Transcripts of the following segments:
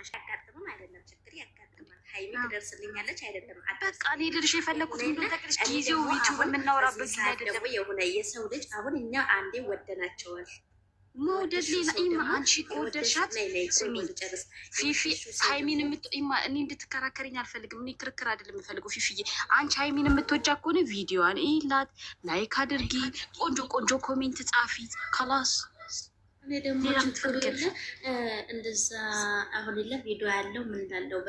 ሆነሽ ያጋጥምም አይደለም ችግር ያጋጥማል። ሀይሚ ትደርስልኛለች አይደለም በቃ እኔ ልልሽ ጊዜው ዊቹ የምናወራበት ደግሞ የሆነ የሰው ልጅ አሁን እኛ አንዴ ወደናቸዋል መውደድ ሌላ ኢማ አንቺ ከወደድሻት ፊፊ ሀይሚን እኔ እንድትከራከርኝ አልፈልግም። እኔ ክርክር አይደለም የምፈልገው። ፊፊዬ አንቺ ሀይሚን የምትወጃ ከሆነ ቪዲዮዋን ላት ላይክ አድርጊ፣ ቆንጆ ቆንጆ ኮሜንት ጻፊ ከላስ እኔ ደግሞ ችግር የለ እንደዛ አሁን የለ ቪዲዮ ያለው ምን ላለው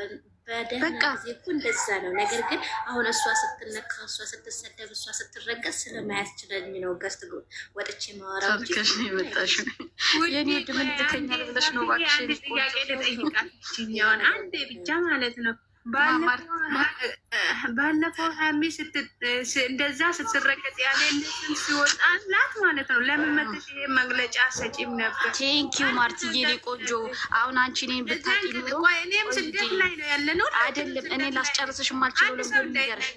በደህና ጊዜ እኮ እንደዛ ነው። ነገር ግን አሁን እሷ ስትነካ፣ እሷ ስትሰደብ፣ እሷ ስትረገጥ ስለማያስችለኝ ነው ገርት ወጥቼ ማወራው እንጂ የኔ ውድ ምን ብለሽ ነው እባክሽ። ጥያቄ ልጠይቃት አንዴ ብቻ ማለት ነው ባለፈው ባለፈው ሀሚ እንደዛ ስትረገጥ ያለ ንስም ሲወጣላት ማለት ነው። ለምን መጥሽ ይሄ መግለጫ ሰጪም ነበር። ቴንኪዩ ማርትዬ እኔ ቆንጆ። አሁን አንቺ እኔን ብታይ እኔም ስደት ላይ ነው ያለ ነው አይደለም። እኔ ላስጨርስሽ አልችልም። ለሚገርሽ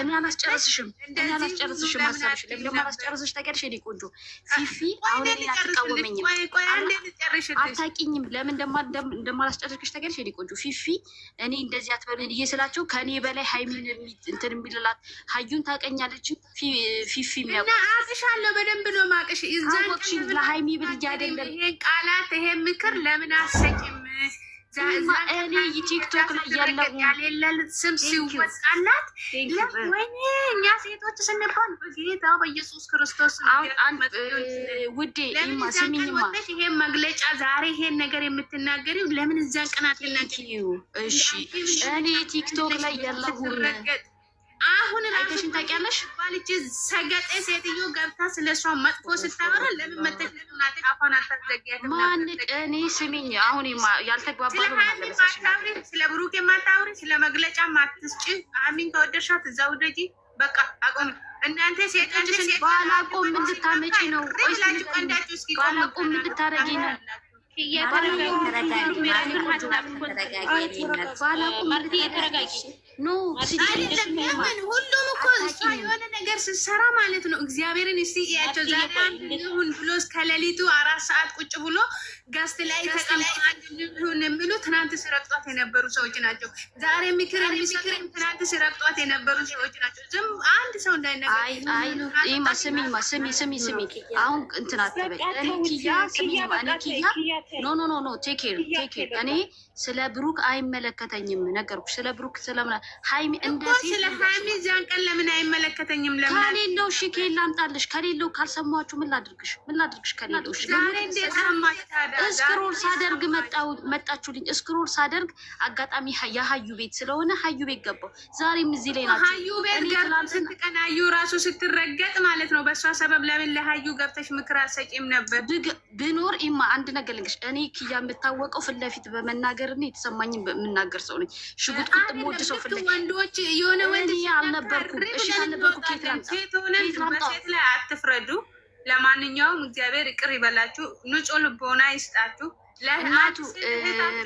እኔ አላስጨርስሽም፣ እኔ አላስጨርስሽም። ለምን ደግሞ አላስጨርስሽ ተገርሽ እኔ ቆንጆ ፊፊ። አሁን እኔን አትቃወመኝም፣ አታቂኝም። ለምን እንደማላስጨርስሽ ተገርሽ እኔ ቆንጆ ፊፊ። እኔ እንደዚህ አትበል ስላቸው ከኔ በላይ ሀይሚን እንትን የሚልላት ሀዩን ታቀኛለች። ፊፊ እና አቅሻለሁ፣ በደንብ ነው ማቅሽ። ለሀይሚ ብልጅ አይደለም ይሄን ቃላት ይሄን ምክር ለምን አሰጭም እኔ ቲክቶክ ላይ ያለውን ስም ሲወጣላት ወይኔ እኛ ሴቶች ስንባል በጌታ በኢየሱስ ክርስቶስ ውዴ ስሚኝማ፣ ይሄን መግለጫ ዛሬ ይሄን ነገር የምትናገሪው ለምን እዛን ቀናት? እሺ እኔ ቲክቶክ ላይ ያለሁም አሁን አይተሽን ታውቂያለሽ? ባልጅ ሰገጤ ሴትዮ ገብታ ስለሷ መጥፎ ስታወራ ለምን መተሽ ለምናት አፋን አልታዘጊያት? ማን እኔ ስሚኝ፣ አሁን ያልተግባባ ነው ማታውሪ፣ ስለ ብሩኬ ማታውሪ፣ ስለ መግለጫ ማትስጭ። አሚን ከወደድሻት እዛ ውደጂ በቃ አቆም። እናንተ ሴቶች ባላቆም እንድታመጪ ነው ወይስ እስኪ ባላቆም እንድታረጊ ነው ባላቆም ኖ ምን ሁሉም እኮ እሷ የሆነ ነገር ስትሰራ ማለት ነው። እግዚአብሔርን እስቲ እያቸው ዛሬ አንድ ይሁን ብሎ እስከ ሌሊቱ አራት ሰዓት ቁጭ ብሎ ጋስት ላይ ተቀምጠን የሚሉ ትናንት ሲረግጧት የነበሩ ሰዎች ናቸው። ዛሬ ምክር የሚሰጡን ትናንት ሲረግጧት የነበሩ ሰዎች ናቸው። ዝም አንድ ሰው እንዳይነገር ስሚ ስሚ ስሚ ስሚ። አሁን እንትን አትበል። ኪያ ስሚ እኔ ኪያ ኖ ኖ ኖ ኖ ቴክ ኬር ቴክ ኬር። እኔ ስለ ብሩክ አይመለከተኝም ነገርኩ። ስለ ብሩክ ስለምን ሀይሚ እንደ ስለ ሀይሚ እዚያን ቀን ለምን አይመለከተኝም? ለምን ከሌለው ሺ ኬላ አምጣልሽ። ከሌለው ካልሰማችሁ ምን ላድርግሽ? ምን ላድርግሽ ከሌለው ሺ ዛሬ እንዴት ሰማሽ ታዲያ? እስክሮል ሳደርግ መጣችሁልኝ። እስክሮል ሳደርግ አጋጣሚ የሀዩ ቤት ስለሆነ ሀዩ ቤት ገባው። ዛሬም እዚህ ላይ ናቸው። ሀዩ ቤት ገብተሽ ስትቀን ሀዩ ራሱ ስትረገጥ ማለት ነው። በእሷ ሰበብ ለምን ለሀዩ ገብተሽ ምክር አትሰጪም ነበር? ብኖር ኢማ አንድ ነገር ልንገርሽ፣ እኔ ክያ የምታወቀው ፊት ለፊት በመናገር እና የተሰማኝ የምናገር ሰው ነኝ። ሽጉጥ ቁጥ ሞድ ሰው ፊት ወንዶች የሆነ ወንድ አልነበርኩም። እሺ አልነበርኩም። ኬት ላምጣ፣ ኬት ላምጣ። ሴት ላይ አትፍረዱ። ለማንኛውም እግዚአብሔር ይቅር ይበላችሁ፣ ንጹህ ልቦና ይስጣችሁ። ለእናቱ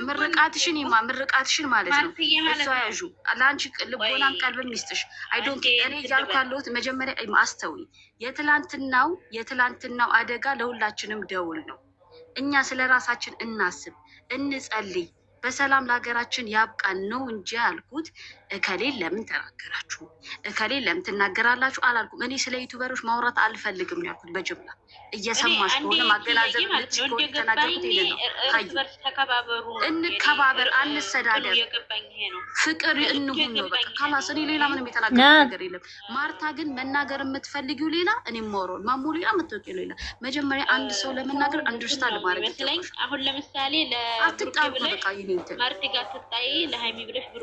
ምርቃትሽን ይማ ምርቃትሽን ማለት ነው እሷ ያዡ ለአንቺ ልቦናን ቀልብም ይስጥሽ። አይዶንክ እኔ እያልኩ ያለሁት መጀመሪያ አስተውይ። የትላንትናው የትላንትናው አደጋ ለሁላችንም ደውል ነው። እኛ ስለ ራሳችን እናስብ፣ እንጸልይ፣ በሰላም ለሀገራችን ያብቃን ነው እንጂ ያልኩት እከሌ ለምን ተናገራችሁ? እከሌ ለምን ትናገራላችሁ አላልኩም። እኔ ስለ ዩቱበሮች ማውራት አልፈልግም ነው ያልኩት። በጅምላ እየሰማሽ ከሆነ ማገናዘብ እንከባበር፣ አንሰዳደር፣ ፍቅር እንሁን ነው በቃ ካላስ። እኔ ሌላ ምንም የተናገረ ነገር የለም። ማርታ ግን መናገር የምትፈልጊው ሌላ፣ እኔ ማወራውን ማሞ ሌላ፣ የምትወቂ ሌላ። መጀመሪያ አንድ ሰው ለመናገር አንደርስታንድ ማድረግ ይመስለኝ። አሁን ለምሳሌ ለአትጣ በቃ ይኔ ማርቲ ጋር ትጣይ ለሀይሚ ብለሽ ብሩ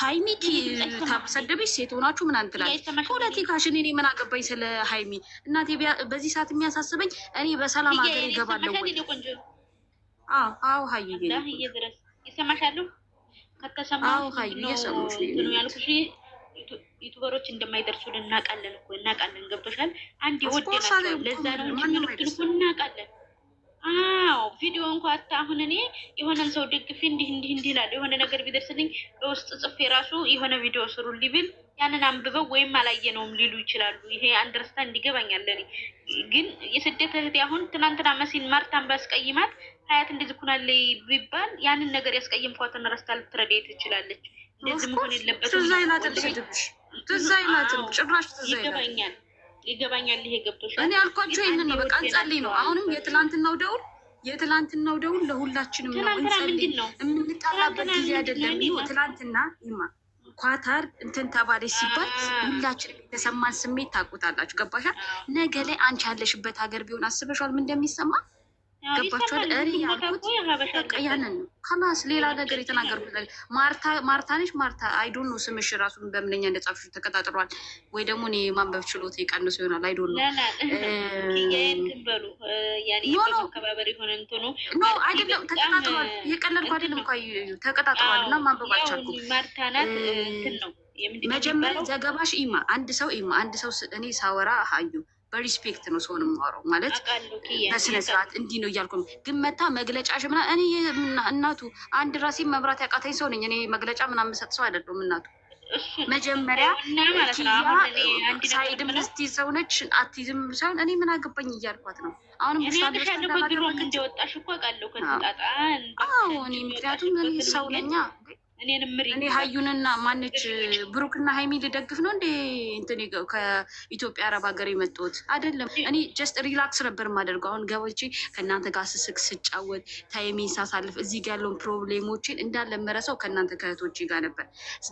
ሀይሚ ታሰደበች ሴት ሆናችሁ ምናምን ትላለች። ፖለቲካሽን እኔ ምን አገባኝ ስለ ሀይሚ እናቴ። በዚህ ሰዓት የሚያሳስበኝ እኔ በሰላም ሀገር ይገባለሁ አዎ ሀይ ይሰማሻሉ? ከተሰማሁ ያልኩሽ ዩቱበሮች እንደማይደርሱ እናቃለን እኮ እናቃለን። ገብቶሻል? አንድ ወደ ናቸው ለዛ ነው እናቃለን አዎ ቪዲዮ እንኳ አሁን እኔ የሆነን ሰው ደግፌ እንዲህ እንዲህ እንዲህ ይላል የሆነ ነገር ቢደርስልኝ በውስጥ ጽፌ ራሱ የሆነ ቪዲዮ ስሩ ሊብል ያንን አንብበው ወይም አላየነውም ሊሉ ይችላሉ። ይሄ አንደርስታንድ ይገባኛል። እኔ ግን የስደት እህቴ አሁን ትናንትና መሲን ማርታን ባስቀይማት ሀያት እንደዚህ ኩናለ ቢባል ያንን ነገር ያስቀየምኳትን ረስታ ልትረዳ ትችላለች። እንደዚህ መሆን የለበትም። ትዝ ጭራሽ ትዝ ይገባኛል ይገባኛል። ይሄ ገብቶሻል። እኔ አልኳቸው ይህንን ነው በቃ እንጸልይ ነው። አሁንም የትላንትናው ደውል የትላንትናው ደውል ለሁላችንም ነው። እንጸልይ የምንጣላበት ጊዜ አይደለም። ትላንትና ይማ ኳታር እንትን ተባለች ሲባል ሁላችን የተሰማን ስሜት ታውቁታላችሁ። ገባሻል? ነገ ላይ አንቺ ያለሽበት ሀገር ቢሆን አስበሻል ምን እንደሚሰማ ገባችኋል? እሪ ያልኩት ያንን ነው። ከላስ ሌላ ነገር የተናገርኩት ማርታ ማርታ ማርታ አይዶኖ ስምሽ ራሱ በምንኛ እንደጻፍሽ ተቀጣጥሯል ወይ ደግሞ እኔ ማንበብ ችሎት የቀንሱ ይሆናል። አይዶኖ አይደለም ተቀጣጥሯል። የቀለድኩ አይደለም እኳ ተቀጣጥሯል። እና ማንበብ አልቻልኩም። መጀመሪያ ዘገባሽ ኢማ አንድ ሰው ኢማ አንድ ሰው እኔ ሳወራ አዩ በሪስፔክት ነው ሰውን ማረው ማለት በስነ ስርዓት እንዲህ ነው እያልኩ ግን መታ መግለጫሽ ምና እኔ እናቱ አንድ ራሴ መብራት ያቃተኝ ሰው ነኝ እኔ መግለጫ ምናምን የምሰጥ ሰው አይደለም። እናቱ መጀመሪያ ሳይድም ስቲ ሰው ነች አትይዝም ሳይሆን እኔ ምን አገባኝ እያልኳት ነው። አሁንም ስታደረግ እንደወጣሽ እኮ አውቃለሁ። ከጣጣ ምክንያቱም ሰው ነኛ እኔ ሀዩንና ማነች ብሩክና ሀይሚ ልደግፍ ነው እንዴ? እንትን ከኢትዮጵያ አረብ ሀገር የመጡት አይደለም። እኔ ጀስት ሪላክስ ነበር የማደርገው። አሁን ገበቼ ከእናንተ ጋር ስስቅ፣ ስጫወት፣ ታይሜን ሳሳልፍ እዚህ ጋር ያለውን ፕሮብሌሞችን እንዳለ መረሰው ከእናንተ ከእህቶቼ ጋር ነበር።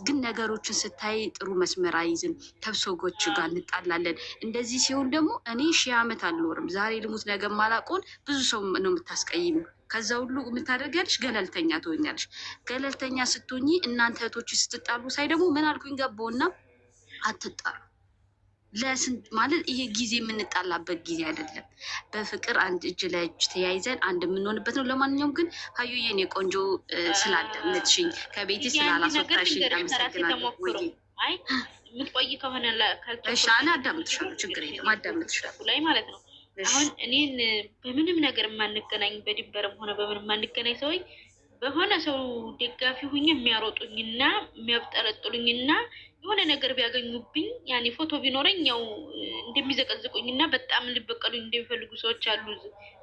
ግን ነገሮችን ስታይ ጥሩ መስመር አይዝም። ከብሶጎች ጋር እንጣላለን። እንደዚህ ሲሆን ደግሞ እኔ ሺህ ዓመት አልኖርም። ዛሬ ልሙት ነገ ማላቆን ብዙ ሰው ነው የምታስቀይም ከዛ ሁሉ የምታደርጊያለሽ ገለልተኛ ትሆኛለሽ። ገለልተኛ ስትሆኚ እናንተ እህቶች ስትጣሉ ሳይ ደግሞ ምን አልኩኝ ገባውና አትጣሉ ለስንት ማለት ይሄ ጊዜ የምንጣላበት ጊዜ አይደለም። በፍቅር አንድ እጅ ለእጅ ተያይዘን አንድ የምንሆንበት ነው። ለማንኛውም ግን ሀዩዬ የኔ ቆንጆ ስላዳመጥሽኝ ከቤት ስላላስወጣሽኝ አመሰግናለሁ። እሺ አዳምጥሻለሁ፣ ችግር የለም አዳምጥሻለሁ ላይ ማለት ነው አሁን እኔን በምንም ነገር የማንገናኝ በድንበርም ሆነ በምንም የማንገናኝ ሰዎች በሆነ ሰው ደጋፊ ሁኝ የሚያሮጡኝና የሚያብጠለጥሉኝና የሆነ ነገር ቢያገኙብኝ ያኔ ፎቶ ቢኖረኝ ያው እንደሚዘቀዝቁኝና በጣም ሊበቀሉኝ እንደሚፈልጉ ሰዎች አሉ።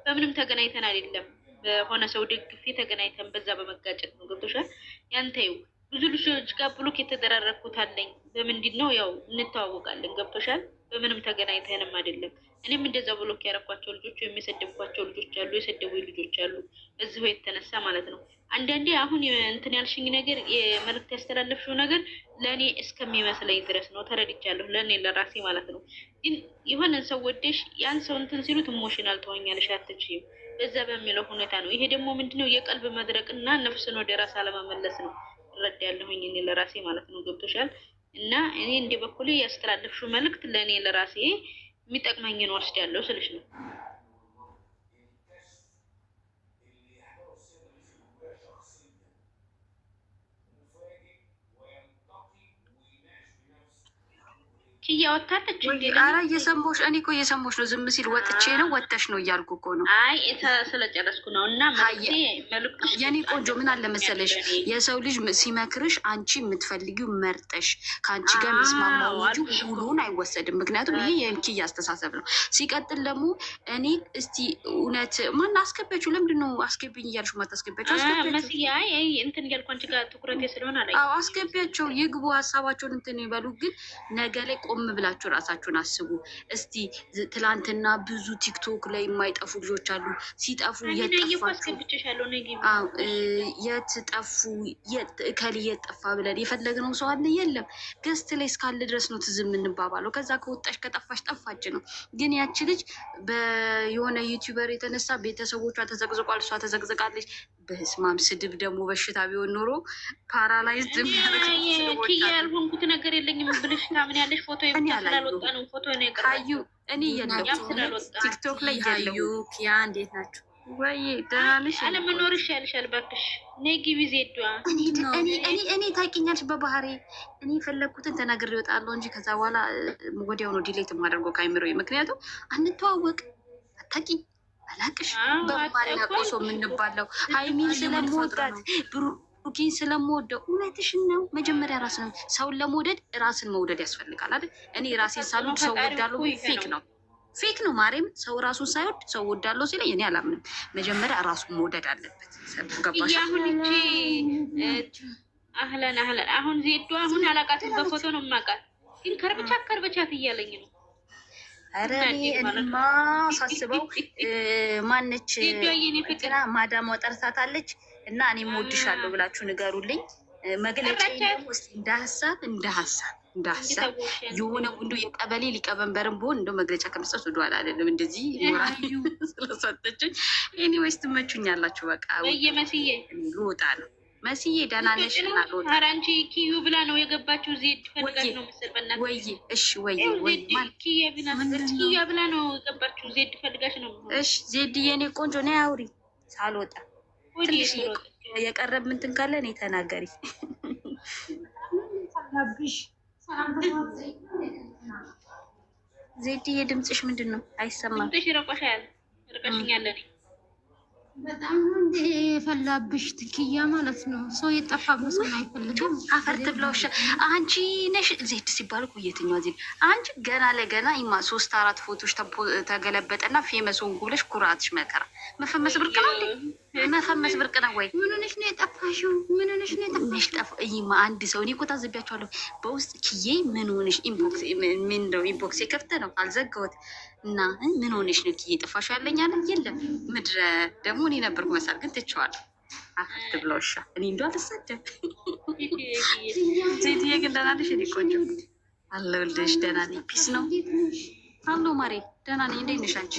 በምንም ተገናኝተን አይደለም፣ በሆነ ሰው ደግፌ ተገናኝተን በዛ በመጋጨት ነው። ገብቶሻል? ያንተዩ ብዙ ልጆች ጋር ብሎክ የተደራረግኩት አለኝ። በምንድን ነው ያው እንተዋወቃለን። ገብቶሻል? በምንም ተገናኝተንም አይደለም። እኔም እንደዛ ብሎክ ያረኳቸው ልጆች ወይም የሰደብኳቸው ልጆች አሉ፣ የሰደቡ ልጆች አሉ። እዚሁ የተነሳ ማለት ነው። አንዳንዴ አሁን እንትን ያልሽኝ ነገር የመልእክት ያስተላለፍሽው ነገር ለእኔ እስከሚመስለኝ ድረስ ነው ተረድቻለሁ፣ ለእኔ ለራሴ ማለት ነው። ግን የሆነን ሰው ወደሽ ያን ሰው እንትን ሲሉት ኢሞሽናል ትሆኛለሽ፣ አትችይም። በዛ በሚለው ሁኔታ ነው። ይሄ ደግሞ ምንድነው የቀልብ መድረቅ እና ነፍስን ወደ ራስ አለመመለስ ነው። እረዳለሁኝ እኔ ለራሴ ማለት ነው። ገብቶሻል። እና እኔ እንደ በኩሌ ያስተላለፍሽው መልእክት ለእኔ ለራሴ የሚጠቅመኝን ወስድ ያለው ስልሽ ነው እያወታተች ኧረ እየሰማሁሽ እኔ እኮ እየሰማሁሽ ነው። ዝም ሲል ወጥቼ ነው ወጥተሽ ነው እያልኩ እኮ ነው። አይ ስለጨረስኩ ነው። እና የኔ ቆንጆ ምን አለ መሰለሽ የሰው ልጅ ሲመክርሽ አንቺ የምትፈልጊው መርጠሽ ከአንቺ ጋር የሚስማማው ሁሉን አይወሰድም። ምክንያቱም ይሄ የልኪ እያስተሳሰብ ነው። ሲቀጥል ደግሞ እኔ እስቲ እውነት ማን አስገቢያችሁ? ለምንድን ነው አስገቢኝ እያልሽ ማታስገቢያቸው? አስገቢያቸው ይግቡ ሀሳባቸውን እንትን ይበሉ። ግን ነገ ላይ ቆ ቆም ብላችሁ ራሳችሁን አስቡ እስቲ። ትላንትና ብዙ ቲክቶክ ላይ የማይጠፉ ልጆች አሉ። ሲጠፉ የት ጠፉ፣ እከል የት ጠፋ ብለን የፈለግነው ሰው አለ የለም። ገስት ላይ እስካለ ድረስ ነው ትዝ የምንባባለው። ከዛ ከወጣሽ ከጠፋሽ ጠፋች ነው። ግን ያቺ ልጅ የሆነ ዩቲዩበር የተነሳ ቤተሰቦቿ ተዘቅዝቋል፣ እሷ ተዘቅዝቃለች በስማም ስድብ ደግሞ በሽታ ቢሆን ኖሮ ፓራላይዝ ያልሆንኩት ነገር የለኝም ብልሽ ምን ያለሽ ፎቶ ስላልወጣ ነው። ፎቶ ነው የቀረዩ እኔ ቲክቶክ ላይ ያዩ ያ እንዴት ናቸው? ወይ ደህና ነሽ? አለመኖርሽ ያልሻል። በክሽ ነጊ ቢዜ እኔ ታውቂኛለሽ፣ በባህሪ እኔ የፈለግኩትን ተናግሬ እወጣለሁ እንጂ ከዛ በኋላ ወዲያው ዲሌት የማደርገው ከአይምሮዬ። ምክንያቱም አንተዋወቅ አታውቂኝ አላቅሽ በማላውቀው ሰው የምንባለው ሀይሚን ስለምወዳት ብሩኬን ስለምወደው እውነትሽን ነው። መጀመሪያ ራስ ነው። ሰውን ለመውደድ ራስን መውደድ ያስፈልጋል አይደል? እኔ ራሴን ሳልወድ ሰው ወዳለሁ ፌክ ነው ፌክ ነው ማርያም። ሰው ራሱን ሳይወድ ሰው ወዳለሁ ሲለኝ እኔ አላምንም። መጀመሪያ ራሱን መውደድ አለበት። ገባሽ? አህለን አህለን። አሁን ዜዶ አሁን አላውቃትም፣ በፎቶ ነው የማውቃት ግን ከርብቻት ከርብቻት እያለኝ ነው ኧረ እኔ ሳስበው ማነች እንትና ማዳሟ ጠርታታለች እና እኔም ወድሻለሁ ብላችሁ ንገሩልኝ። መግለጫ ውስጥ እንደ ሀሳብ እንደ ሀሳብ እንደ ሀሳብ የሆነ እንዶ የቀበሌ ሊቀመንበርን ብሆን እንደ መግለጫ ከመስጠት ወደኋላ አይደለም። እንደዚህ ስለሰጠችኝ ኔ ትመቹኛላችሁ። በቃ ወጣ ነው መስዬ ደህና ነሽ? ኧረ ኪዩ ብላ ነው የገባችው። ዜድ ፈልጋት ነው መሰል በእናትሽ። ወይ እሺ፣ ወይ ኪያ ብላ ነው የገባችው። ዜድ ፈልጋሽ ነው። እሺ ዜድ፣ የኔ ቆንጆ ነይ አውሪ። ሳልወጣ ትንሽ የቀረብ ምንትን ካለ እኔ ተናገሪ። ዜድዬ ድምፅሽ ምንድን ነው? አይሰማም። ድምፅሽ ረቆሻል፣ ርቀሽኛለን በጣም እንደ ፈላብሽ ትክያ ማለት ነው። ሰው የጠፋ ብሰን አይፈልግም። አፈር ትብለውሽ አንቺ ነሽ ዜድ ሲባል እኮ የትኛዋ ዜድ? አንቺ ገና ለገና ማ ሶስት አራት ፎቶች ተገለበጠና ፌመስ ሆንኩ ብለሽ ኩራትሽ መከራ መፈመስ ብርቅ ነው። መፈመስ ብርቅ ነው ወይ? ምን ሆነሽ ነው የጠፋሽው? ምን ሆነሽ ነው የጠፋሽ? ጠፋ ይማ አንድ ሰው እኔ እኮ ታዘቢያቸዋለሁ በውስጥ ኪዬ ምን ሆነሽ ኢንቦክስ ምን ነው ኢንቦክስ የከፍተ ነው አልዘጋሁት እና ምን ሆነሽ ነው ኪዬ ጠፋሽ ያለኝ አለ። የለም ምድረ ደግሞ እኔ ነበርኩ መሳል ግን ትቼዋለሁ። አፍት ብሎሻ እኔ እንዲ አልሳደብ ዜትዬ ግን ደህና ነሽ? እኔ ቆንጆ አለሁልሽ። ደህና ነኝ። ፒስ ነው አለው ማሬ። ደህና ነኝ። እንዴት ነሽ አንቺ?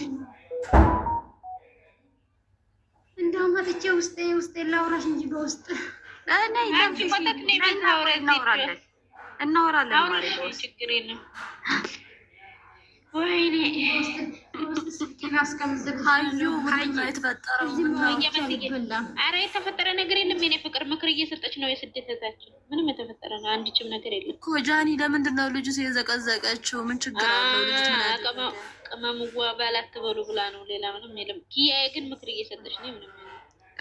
ነው መጥቼ ውስጤ ውስጤ ላውራሽ እንጂ በውስጥ እናወራለን የተፈጠረ ነገር የለም። የእኔ ፍቅር ምክር እየሰጠች ነው የስደት ምንም የተፈጠረ ነው አንድችም ነገር የለም እኮ ጃኒ። ለምንድን ነው ልጁ የዘቀዘቀችው? ምን ችግር አለው? ቅመምዋ ባላት በሉ ብላ ነው። ሌላ ምንም የለም። ኪያዬ ግን ምክር እየሰጠች ነው። ምንም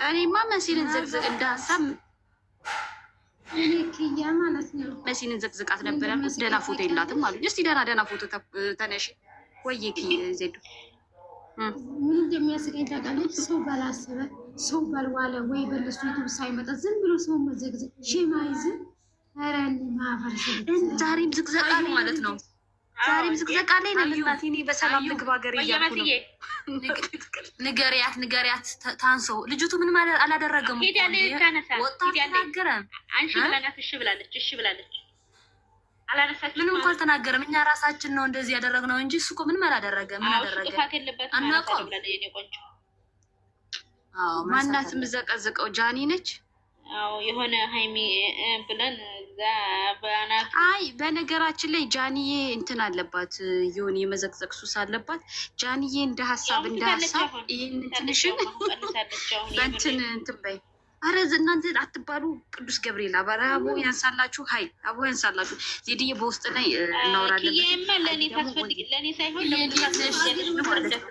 እኔማ መሲንን ዘቅዝቅ እንደ ሀሳብ መሲንን ዘቅዝቃት ነበረ። ደህና ፎቶ የላትም አሉ። እስቲ ደህና ደህና ፎቶ ተነሽ ወይ ክዬ ዜዱ ምን እንደሚያስቀኝ ታውቃለች። ሰው ባላሰበ ሰው ባልዋለ ወይ በለሱ ዩቱብ ሳይመጣ ዝም ብሎ ሰው መዘግዘግ ሽማይዝ ረን ማህበረሰብ ዛሬም ዝቅዘቃ ማለት ነው። ዛሬም ዝቅዘቃ ላይ ነልናት። በሰላም ልግባ ሀገር እያልኩ ነው ንገሪያት ንገሪያት ታንሰው ልጅቱ ምንም አላደረገም። ወጣ እሺ ብላለች፣ እሺ ብላለች። ምንም እኮ አልተናገረም። እኛ ራሳችን ነው እንደዚህ ያደረግነው እንጂ እሱ እኮ ምንም አላደረገም። ምን አደረገ አናውቀውም። ማናት የምዘቀዝቀው ጃኒ ነች። የሆነ ሀይሚ ብለን አይ፣ በነገራችን ላይ ጃንዬ እንትን አለባት የሆነ የመዘቅዘቅ ሱስ አለባት ጃንዬ። እንደ ሀሳብ እንደ ሀሳብ ይህን ትንሽን በእንትን እንትን በይ። አረ እናንተ አትባሉ። ቅዱስ ገብርኤል አባራ አቦ ያንሳላችሁ፣ ሀይ አቦ ያንሳላችሁ። ዜድዬ በውስጥ ላይ እናወራለን። ለእኔ ሳይሆን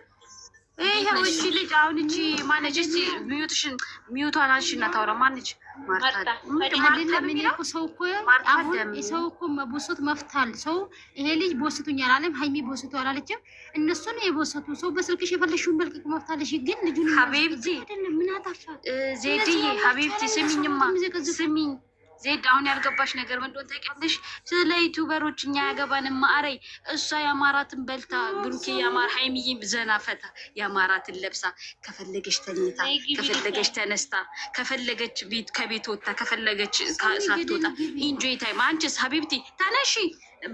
ይሄው እቺ ልጅ አሁን እቺ ማነች? እቺ ሚዩትሽን ሚዩቷን አንቺ እና ማነች? ሰው ሰው እኮ መቦሰት መፍታል። ሰው ይሄ ልጅ ቦስቱኝ አላለም፣ ሀይሚ ቦስቱ አላለችም። እነሱ ነው የቦሰቱ። ሰው በስልክሽ የፈለግሽውን መልቀቅ መፍታለሽ። ግን ልጁን ሀቢብቲ ምን አጠፋ? ዜድዬ ሀቢብቲ ስሚኝማ ስሚኝ ዜድ አሁን ያልገባሽ ነገር ምንድን ነው ታውቂያለሽ? ስለ ዩቱበሮች እኛ ያገባንም ማዕረይ እሷ የአማራትን በልታ ብሩኬ የአማራ ሀይሚዬ ዘና ፈታ የአማራትን ለብሳ ከፈለገች ተኝታ ከፈለገች ተነስታ ከፈለገች ቤት ከቤት ወጥታ ከፈለገች ሳትወጣ ኢንጆይ ታይም። አንቺስ ሀቢብቲ ተነሺ፣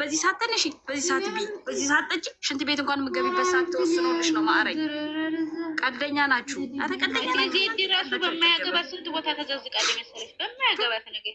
በዚህ ሰዓት ተነሺ፣ በዚህ ሰዓት ቢ በዚህ ሰዓት ጠጪ፣ ሽንት ቤት እንኳን የምገቢበት ሰዓት ተወስኖልሽ ነው ማዕረይ። ቀደኛ ናችሁ። አረ ቀልደኛ ናችሁ። ራሱ በማያገባት ስንት ቦታ ተዘዝቃለ መሰለች በማያገባት ነገር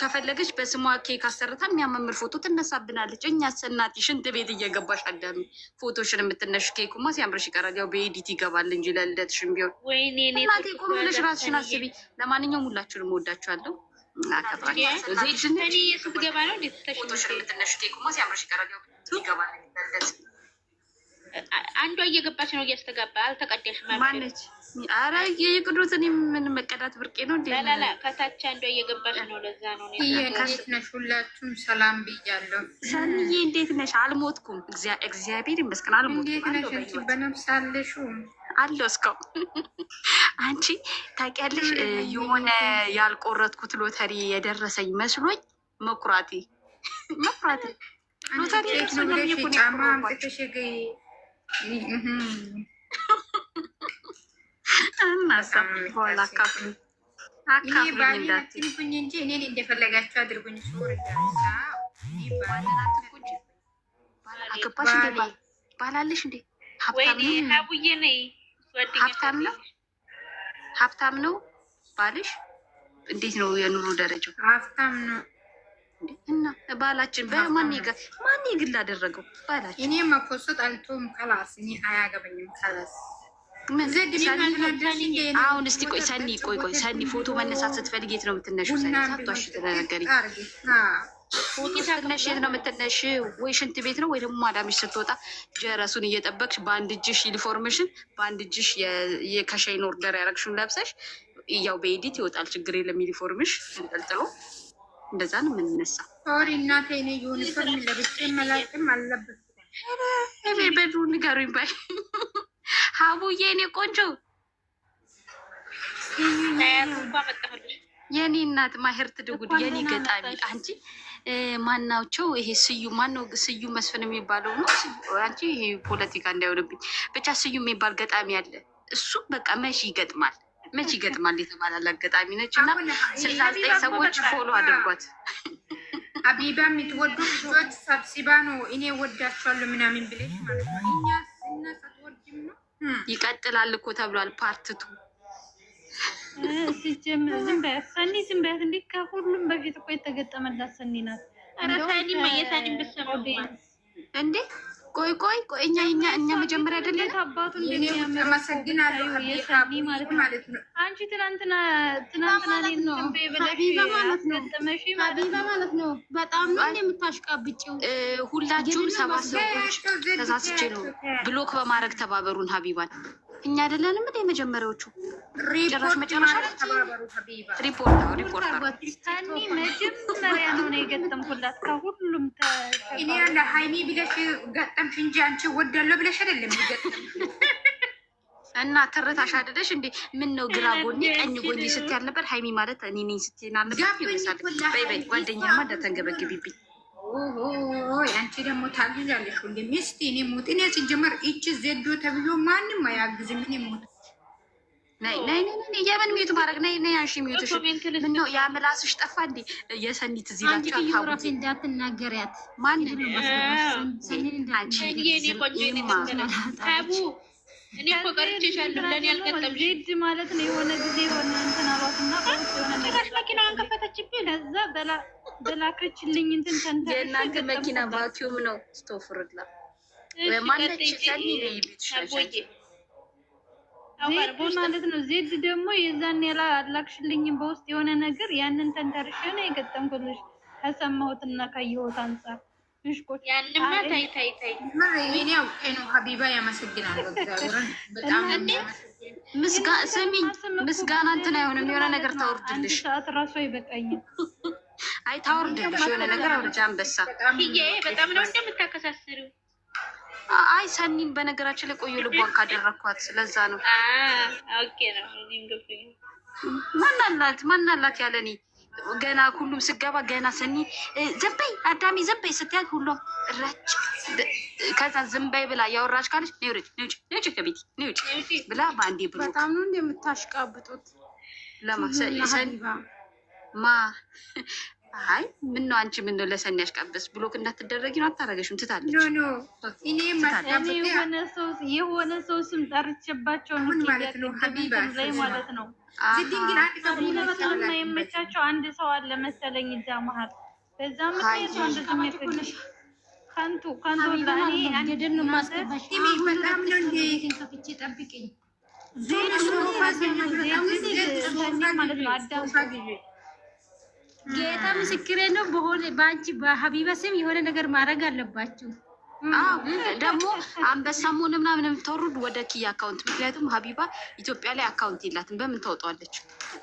ከፈለገች በስሟ ኬክ አሰርታ የሚያመምር ፎቶ ትነሳብናለች። እኛ እናቴ ሽንት ቤት እየገባሽ አዳሚ ፎቶሽን የምትነሽ ኬኩማ ሲያምርሽ ይቀራል። ያው በኤዲት ይገባል እንጂ ለልደትሽም ቢሆን እናቴ ቁም ብለሽ ራስሽን አስቢ። ለማንኛውም ሁላችሁንም ወዳችኋለሁ። አከብራለሁ። አንዷ እየገባች ነው እያስተጋባ አልተቀዳሽ ማነች? አረ የቅዱትን ምን መቀዳት ብርቄ ነው እንዴ? ለላ ከታች አንዷ እየገባች ነው። ለዛ ነው እንዴት ነሽ? ሁላችሁም ሰላም ብያለሁ። ሰንዬ እንዴት ነሽ? አልሞትኩም፣ እግዚአብሔር ይመስገን አልሞትኩም። እንዴት ነሽ? በነፍስ አለሽ አለው እስካሁን። አንቺ ታውቂያለሽ፣ የሆነ ያልቆረጥኩት ሎተሪ የደረሰኝ መስሎኝ መኩራቴ መኩራቴ ሎተሪ ጫማ አምጥተሽ እንጂ እኔን እንደፈለጋችሁ አድርጉኝ። አገባሽ ሀብታም ነው? ባልሽ? እንዴት ነው የኑሮ ደረጃው? ሀብታም ነው እና ባላችን በማን ይገል ማን ይግል አደረገው ባላችን። እኔ መኮሰት አልቶም ከላስ እኔ አያገበኝም ከላስ አሁን እስቲ ቆይ ሰኒ ቆይ ቆይ ሰኒ ፎቶ መነሳት ስትፈልግ የት ነው የምትነሺው? ሰኒ ሳቷሽ ተነገሪ ፎቶ የት ነው የምትነሽ? ወይ ሽንት ቤት ነው ወይ ደግሞ ማዳምሽ ስትወጣ ጀረሱን እየጠበቅሽ በአንድ እጅሽ ዩኒፎርምሽን በአንድ እጅሽ የከሻይን ኦርደር ያደረግሽውን ለብሰሽ ያው በኤዲት ይወጣል፣ ችግር የለም ዩኒፎርምሽ ተንጠልጥሎ እንደዛ ነው የምንነሳ። ሶሪ እናቴ፣ እኔ ዩኒፎርም ለብጬ መላቅም አለበት። ንገሩኝ ባይ ሀቡዬ የኔ ቆንጆ የኔ እናት ማሄርት ድጉድ የኔ ገጣሚ አንቺ ማናቸው? ይሄ ስዩ ማነው? ስዩ መስፍን የሚባለው ነው። አንቺ ይሄ ፖለቲካ እንዳይሆንብኝ ብቻ ስዩ የሚባል ገጣሚ አለ። እሱ በቃ መቼ ይገጥማል መቼ ይገጥማል የተባላል አጋጣሚ ነች። እና ስልሳ ዘጠኝ ሰዎች ፎሎ አድርጓት። አቢባ የምትወዱ ልጆች ሰብሲባ ነው እኔ ወዳቸዋለሁ ምናምን ብለሽ ማለት ነው ይቀጥላል እኮ ተብሏል። ፓርት ፓርትቱ ሲጀምር ዝም በያት ሰኒ፣ ዝም በያት እንዴ! ከሁሉም በፊት እኮ የተገጠመላት ሰኒ ናት። ኧረ ሰኒማ የሰኒን ብትሰማ እንዴ! ቆይ ቆይ ቆይ እኛ እኛ እኛ መጀመሪያ አይደለም አባቱ እንደሚያመሰግናለሁ ማለት ነው። አንቺ ትናንትና ትናንትና ነው ሀቢባ ማለት ነው ሀቢባ ማለት ነው። በጣም የምታሽቃብጭው። ሁላችሁም ሰባ ሰዎች ተሳስቼ ነው ብሎክ በማድረግ ተባበሩን ሀቢባን እኛ አይደለንም እንደ የመጀመሪያዎቹ ጭራሽ መጨረሻ ሪፖርት ነው ሪፖርት ነው መጀመሪያ ነው የገጠምኩላት ከሁሉም እኔ ያለ ሀይሚ ብለሽ ገጠምሽ እንጂ አንቺ ወዳለው ብለሽ አይደለም ገጠምሽ እና ትርታሽ አደለሽ እንዴ ምን ነው ግራ ጎኔ ቀኝ ጎኔ ስትያል ነበር ሀይሚ ማለት እኔ ነኝ ስትናል ነበር ይበሳል በይ በይ ጓደኛማ እንዳተንገበግቢብኝ አንቺ ደግሞ ታግዛለሽ። ሚስት እኔ ሞት እኔ ሲጀመር እች ዘዶ ተብሎ ማንም አያግዝም። እኔ ሞት ናይ ናይ ናይ የምን ሚዩት ማድረግ ናይ ናይ አንሺ ሚዩት እሺ፣ ምነው ያ ምላስሽ ጠፋ እንዴ? የሰኒት እዚህ ላቸው አታውቁት እንዳትናገሪያት ማን ሰኒት እኔ እኮ ቀርቼሻለሁ። ለእኔ አልገጠምሽ ሂድ ማለት ነው። የሆነ ጊዜ የሆነ እንትን አሏትና ጭራሽ መኪናዋን ከፈተችብኝ ለዛ በላ በላከችልኝ እንትን ተንተ የእናንተ መኪና ቫኪዩም ነው። ስቶፍርላ ማለች ማለት ነው። ዜድ ደግሞ የዛን ያላ አላክሽልኝም በውስጥ የሆነ ነገር ያንን ተንተርሼ ነው የገጠምኩልሽ ከሰማሁትና ካየሁት አንጻር ያንማ ምስጋና እንትን አይሆንም። የሆነ ነገር ታወርድልሽ ሰዓት ራሱ አይበቃኝም። አይ ታወርድልሽ የሆነ ነገር አውርጃ። አንበሳ በጣም ነው እንደምታከሳስሩ አይ ሰኒን በነገራችን ላይ ቆየ ልቧን ካደረግኳት ስለዛ ነው። ማናላት ማናላት ያለኔ ገና ሁሉም ስገባ ገና ሰኒ ዘንበይ አዳሚ ዘንበይ ስትያል ሁሉም ራጭ ከዛ ዘንበይ ብላ ያወራች ካለች ነውጭ ነውጭ ነውጭ ከቤት ነውጭ ብላ በአንዴ ብሎ በጣም ነው እንደምታሽቃብጡት ለማሰኒ ማ አይ ምን ነው አንቺ ምን ነው ለሰኒ ያሽቃበስ ብሎክ እንዳትደረጊ ነው አታረገሽም ትታለች። ኖ ኖ እኔ የሆነ ሰው የሆነ ሰው ስም ጠርቼባቸው ነው ማለት ነው ላይ ማለት ነው በጣም ነው የመቻቸው። አንድ ሰው አለ መሰለኝ እዛ መሀል በዛ አንድ ሰው ከንቱ ከንቱ ለኔ አንድ ነው እንዴ ጠብቂኝ ነው ማለት ነው አዳም ጌታ ምስክሬ ነው። በሆነ በአንቺ በሀቢባ ስም የሆነ ነገር ማድረግ አለባችሁ። ደግሞ አንበሳ አንበሳሙን ምናምን የምታወሩድ ወደ ኪያ አካውንት፣ ምክንያቱም ሀቢባ ኢትዮጵያ ላይ አካውንት የላትም። በምን ታወጣዋለች?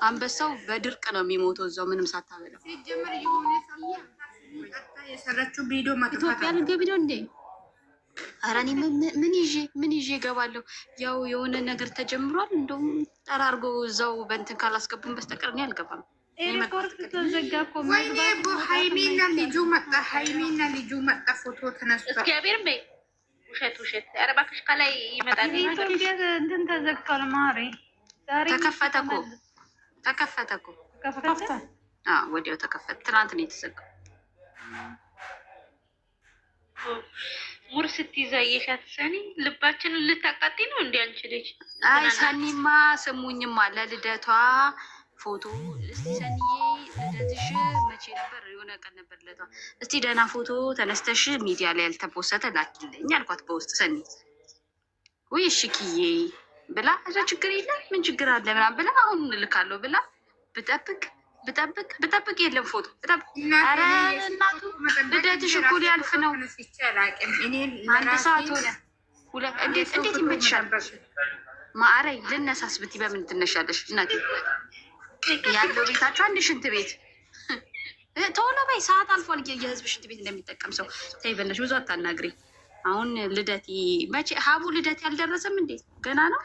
አንበሳው በድርቅ ነው የሚሞተው እዛው ምንም ሳታበላ። ኢትዮጵያ ልገቢ ነው እንዴ? ኧረ እኔ ምን ይዤ ምን ይዤ እገባለሁ? ያው የሆነ ነገር ተጀምሯል። እንደውም ጠራርጎ እዛው በእንትን ካላስገቡን በስተቀር እኔ አልገባም። ኤርፖርት ተዘጋ እኮ ወይኔ፣ ሀይሚና ልጁ መጣ። ሀይሚና ልጁ መጣ። ፎቶ ተነስቷል። እግዚአብሔርን በይ። ውሸት ውሸት። ኧረ እባክሽ ከላይ ይመጣል። ኢትዮጵያ እንትን ተዘግቷል። ማሬ ተከፈተ እኮ ተከፈተ እኮ ተከፈተ። ወዲያው ተከፈተ። ትናንት ነው የተዘጋው። ሙር ስትይዛ እየሻት ሰኒ ልባችንን ልታቃጢ ነው እንዲ አንቺ አይ ሰኒማ ስሙኝማ ለልደቷ ፎቶ እስቲ ሰንዬ ልደትሽ መቼ ነበር? የሆነ ቀን ነበር ልደቷ። እስቲ ደህና ፎቶ ተነስተሽ ሚዲያ ላይ ያልተፖሰተ ላኪልኝ አልኳት በውስጥ ሰኒ። ውይ እሺ ኪዬ ብላ እዛ ችግር የለም ምን ችግር አለ ምናምን ብላ አሁን እንልካለሁ ብላ ብጠብቅ ብጠብቅ ብጠብቅ የለም ፎቶ ኧረ እናቱ ልደትሽ እኮ ሊያልፍ ነው። አንድ ሰዓት ሆነ። እንዴት ይመችሻል? ማአረይ ልነሳስ ብቲ በምን ትነሻለሽ እናቴ? ያለው ቤታቸው አንድ ሽንት ቤት ቶሎ በይ፣ ሰዓት አልፏል። የህዝብ ሽንት ቤት እንደሚጠቀም ሰው ተይ በለሽ፣ ብዙ አታናግሪ። አሁን ልደት መቼ ሀቡ ልደት ያልደረሰም እንዴ ገና ነው።